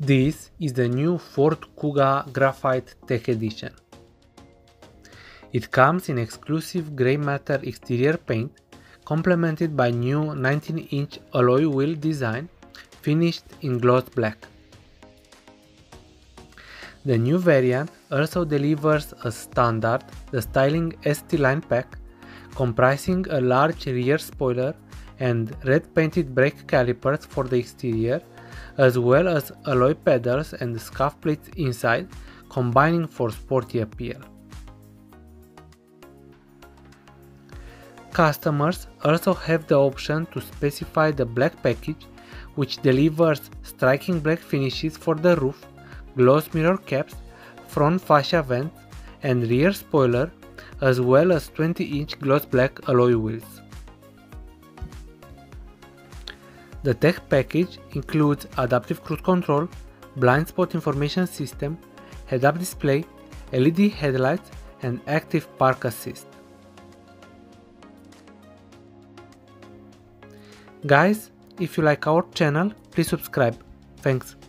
This is the new Ford Kuga Graphite Tech Edition. It comes in exclusive grey matter exterior paint, complemented by new 19-inch alloy wheel design, finished in gloss black. The new variant also delivers a standard the styling ST line pack, comprising a large rear spoiler and red painted brake calipers for the exterior as well as alloy pedals and scuff plates inside, combining for sporty appeal. Customers also have the option to specify the black package, which delivers striking black finishes for the roof, gloss mirror caps, front fascia vents, and rear spoiler, as well as 20-inch gloss black alloy wheels. The tech package includes adaptive cruise control, blind spot information system, head-up display, LED headlights, and active park assist. Guys, if you like our channel, please subscribe. Thanks.